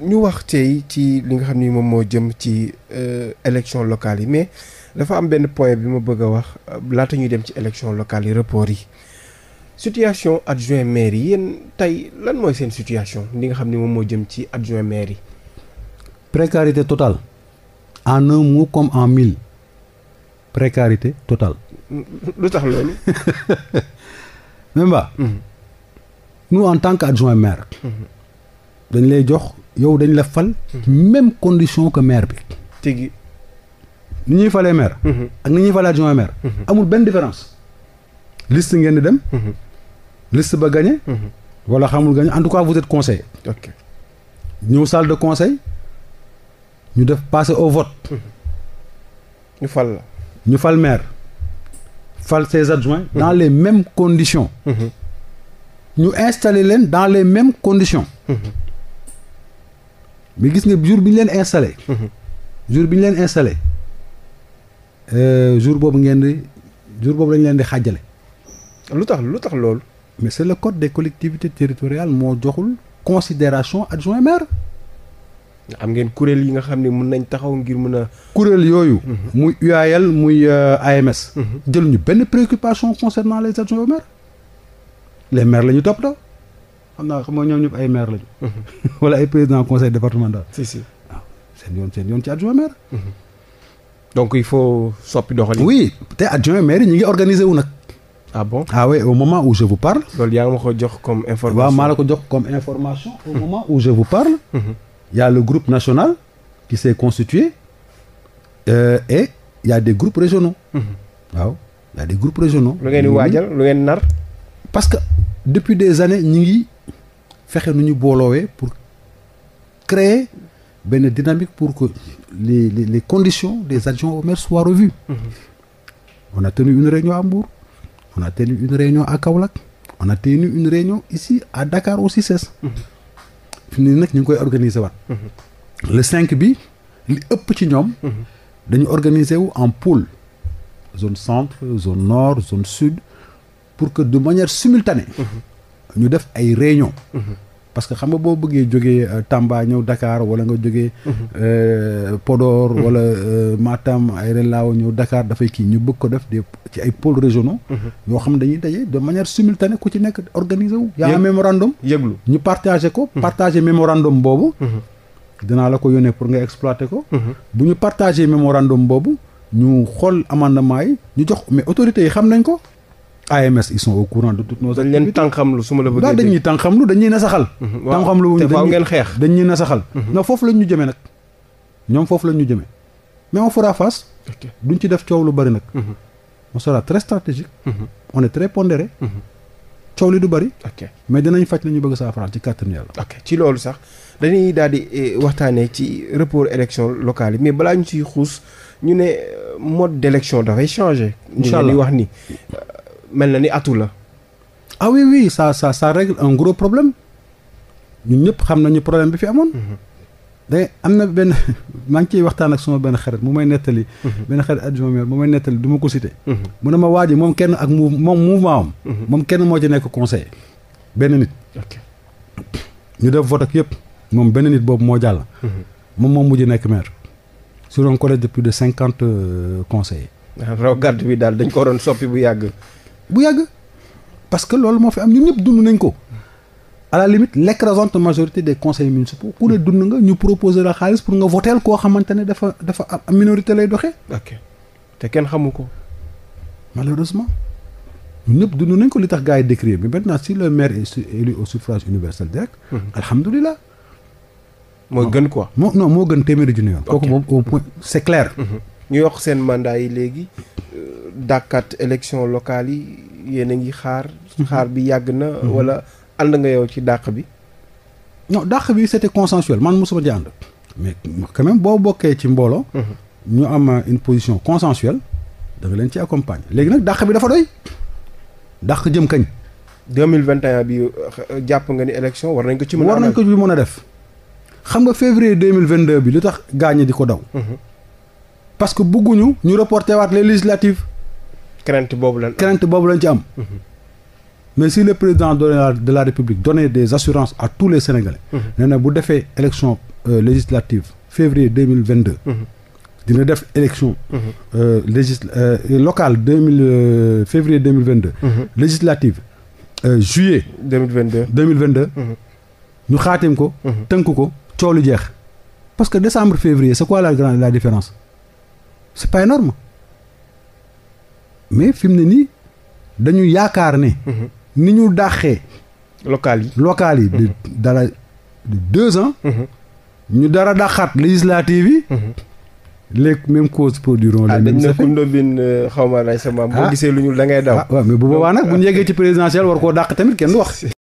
ñu wax tey ci li nga xam ni moom moo jëm ci euh, élection locale yi mais dafa am benn point bi ma bëgg a wax laata ñuy dem ci élection locale yi report yi situation adjoint maire yi yéen tey lan mooy seen situation li nga xam ni moom moo jëm ci adjoint maire yi. précarité total en un comme en mille précarité totale. lu tax loolu. même ba. Mm-hmm. en tant qu'adjoint maire. Mm-hmm. dañ lay jox yow dañu la fal. même condition que maire bi. tigi ni ñuy falee maire. Mhm. ak ni ñuy falee adjoint maire. Mhm. amul benn différence. liste ngeen di dem. Mhm. list ba gagné. wala xamul gagné en tout cas vous êtes conseil. ok ñëw salle de conseil ñu def passer au vote. ñu fal la. ñu fal maire fal ses adjoints. dans les mêmes conditions. ñu installer leen dans les mêmes conditions. mais gis nga jour bi ñu leen installé. Mhm. jour bi ñu leen installé euh, jour boobu ngeen di jour boobu lañ leen di xàjjale. lu tax lu tax loolu. mais c'est le code des collectivités territoriales moo joxul considération adjoint maire. am ngeen kuréel yi nga xam ne mun nañ taxaw ngir mën a. kuréel yooyu. Mhm. muy UAL muy euh, mhm. jël ñu benn préoccupation concernant les adjoints au maire les maires la ñu toppatoo. xam naa xam nga ñoom ñëpp ay maire lañu. Mhm. wala ay président conseil départemental. si si waaw ah, seen yoon seen yoon ci adjoint maire. Mhm. donc il faut soppi doxalin. oui te adjoint maire yi ñu ngi organiser wu nag. ah bon ah oui au moment où je vous parle. loolu yaa ngi ma ko jox comme information. au mhm. moment où je vous parle. y a le groupe national qui s'est constitué euh, et y des groupes régionaux. waaw y a des groupes régionaux. lu ngeen di waajal lu ngeen nar. parce que depuis des fexe nu ñu booloowee pour créer benn dynamique pour que les les, les conditions des adjoints au maire soient revues. Mmh. on a tenu une réunion à Mbour on a tenu une réunion à Kaolack on a tenu une réunion ici à Dakar au CICES. Mhm. fi mu ne nag ñu ngi koy organiser waat. Mhm. le cinq bi li ëpp ci ñoom. Mhm. dañu organiser wu en pôle zone centre zone nord zone sud pour que de manière simultanée. Mmh. ñu def ay réunion parce que xam nga boo bëggee jógee euh, Tamba ñëw Dakar wala nga jógee euh, Podor wala euh, Matam ay relaaw ñëw Dakar dafay kii ñu bëgg ko def des ci ay pôles régionaux yoo xam dañuy daje de manière simultanée ku ci nekk organiser wu yaa mémorandum yëglu ñu partagé ko partagé mémorandum boobu dinaa la ko yónnee pour nga exploiter ko bu ñu partagé mémorandum boobu ñu xool amendement yi ñu jox mais autorités yi xam nañ ko AMS ils sont au courant dañ leen tànqamlu su ma la bëggee. dañuy tànqamlu dañuy nasaxal. Mhm, waaw tànqamlu wuñ dañuy ngeen xeex. nasaxal. Mhm. ndax foofu lañ ñu jëmee nag ñoom foofu lañ ñu jëmee mais on fera face. duñ ci def coow lu bari nag. Mhm. on sera très stratégique. on est très pondéré. coow li du bari. mais dinañ faj la ñu bëgg saafaraal ci kàttanu yàlla. ok ci loolu sax dañuy daal di eh, waxtaanee ci report élection locale yi mais balaa ñu si xuus. ñu ne euh, mode d'élection dafay changer. incha allah ñu wax ni mel na ni atout la. ah oui oui ça ça ça règle un gros problème ñun ñëpp xam nañu problème bi fi amoon. da mm-hmm. am na benn maa ngi ciy waxtaan ak suma benn xarit mu may nettali. Mm-hmm. benn xarit adjoint mm-hmm. ne ma waa ji moom kenn ak mou moom mouvement kenn moo ci nekk conseiller. benn nit. ñu def vote ak yëpp moom benn nit boobu moo jàll. moom moom mujj nekk maire. sur un collège de plus de cinquante euh, conseillers. raw gàdd bi daal dañ ko waroon soppi bu yàgg. bu yàgg parce que loolu moo fi am ñu ñëpp dund nañ ko à la limite l'écrasante majorité des conseils municipaux ku ne dund nga ñu proposer la xaalis pour nga voteel koo xamante ne dafa dafa am minorité lay doxee. te kenn xamu ko. malheureusement ñun ñëpp dundu nañ ko li tax gaa yi décrire bi maintenant si le maire est élu au suffrage universel direct. Mhm. alhamdulilah. mooy gën ko moo non moo gën téeméeri junni yoon. kooku moom au point c'est mhm. ñu yokk seen mandat yi léegi euh, dàkkaat élection locale yi yéen a ngi xaar. Mhm. xaar bi yàgg na. Mhm. wala ànd nga yow ci dàq bi. non dàq bi c'était consensuel man mosuma di ànd. mais quand boo bokkee ci mbooloo. Mhm. ñu am une position consensuelle. da nga leen ci accompagne léegi nag dàq bi dafa doy. dàq jëm kañ. deux mille vingt bi euh, jàpp nga ni élection war nañ ko ci mën a. war nañ ko ci a def. xam nga février deux mille vingt deux bi lu tax gaañe di ko daw. parce bëgguñu ñu reporté waat les crainte boobu lañ crainte boobu lañ ci am. Mhm. mais si le président de la de la république donnait des assurances à tous les sénégalais. Mhm. nee bu defee élection euh, législative février mille vingt deux. Mhm. dina def élection. Euh, légis euh, locale mille février deux mille vingt deux. législative juillet. deux mille vingt deux deux mille vingt deux. ñu xaatim ko. tënk ko coow jeex. parce que décembre février c'est quoi la grande la différence c'est pas énorme mais fi mu ne nii dañu yaakaar ne. Mhm. ni ñu dàqee. local yi local yi. di mhm. dala de deux ans. Mhm. ñu dara dàqaat législative yi. les mêmes causes produiront les ah, mêmes effets. ah xaw ma nay sama boo ah. gisee lu ñu da ngay daw. Ah, waaw mais bu boobaa nag bu ñu yeggee ci présidentielle war koo dàq tamit kenn du wax.